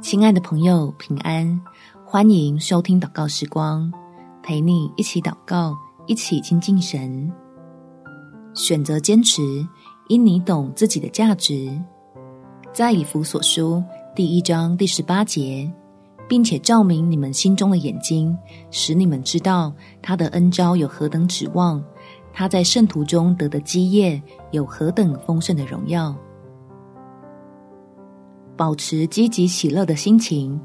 親愛的朋友，平安！歡迎收聽禱告時光，陪你一起禱告，一起親近神。選擇堅持，因你懂自己的價值。在以弗所書第一章第十八節，並且照明你們心中的眼睛，使你們知道他的恩召有何等指望，他在聖徒中得的基業有何等豐盛的榮耀。保持積極喜樂的心情，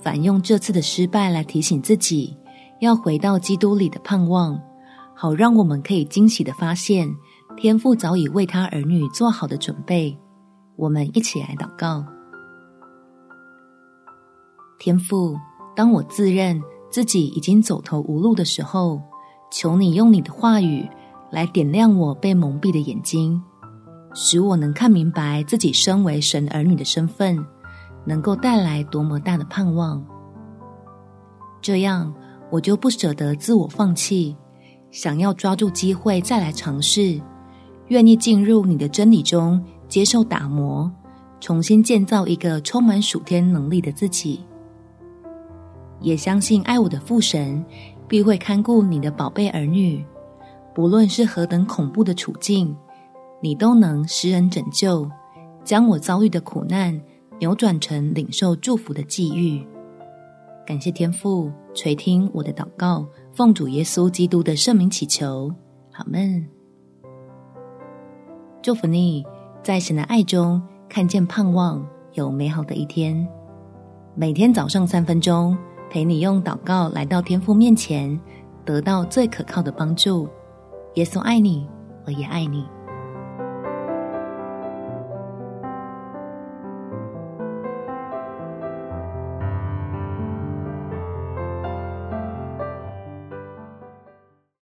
反用這次的失敗來提醒自己，要回到基督裡的盼望，好讓我們可以驚喜的發現，天父早已為他兒女做好的準備。我們一起來禱告：天父，當我自認自己已經走投無路的時候，求你用你的話語來點亮我被蒙蔽的眼睛。使我能看明白自己身為神兒女的身份，能夠帶來多麼大的盼望。這樣，我就不捨得自我放棄，想要抓住機會再來嘗試，願意進入你的真理中接受打磨，重新建造一個充滿屬天能力的自己。也相信愛我的父神，必會看顧你的寶貝兒女，不論是何等恐怖的處境，你都能施恩拯救，將我遭遇的苦難扭轉成領受祝福的際遇。感謝天父垂聽我的禱告，奉主耶穌基督的聖名祈求，阿們。祝福你，在神的愛中看見盼望，有美好的一天。每天早上三分鐘，陪你用禱告來到天父面前，得到最可靠的幫助。耶穌愛你，我也愛你。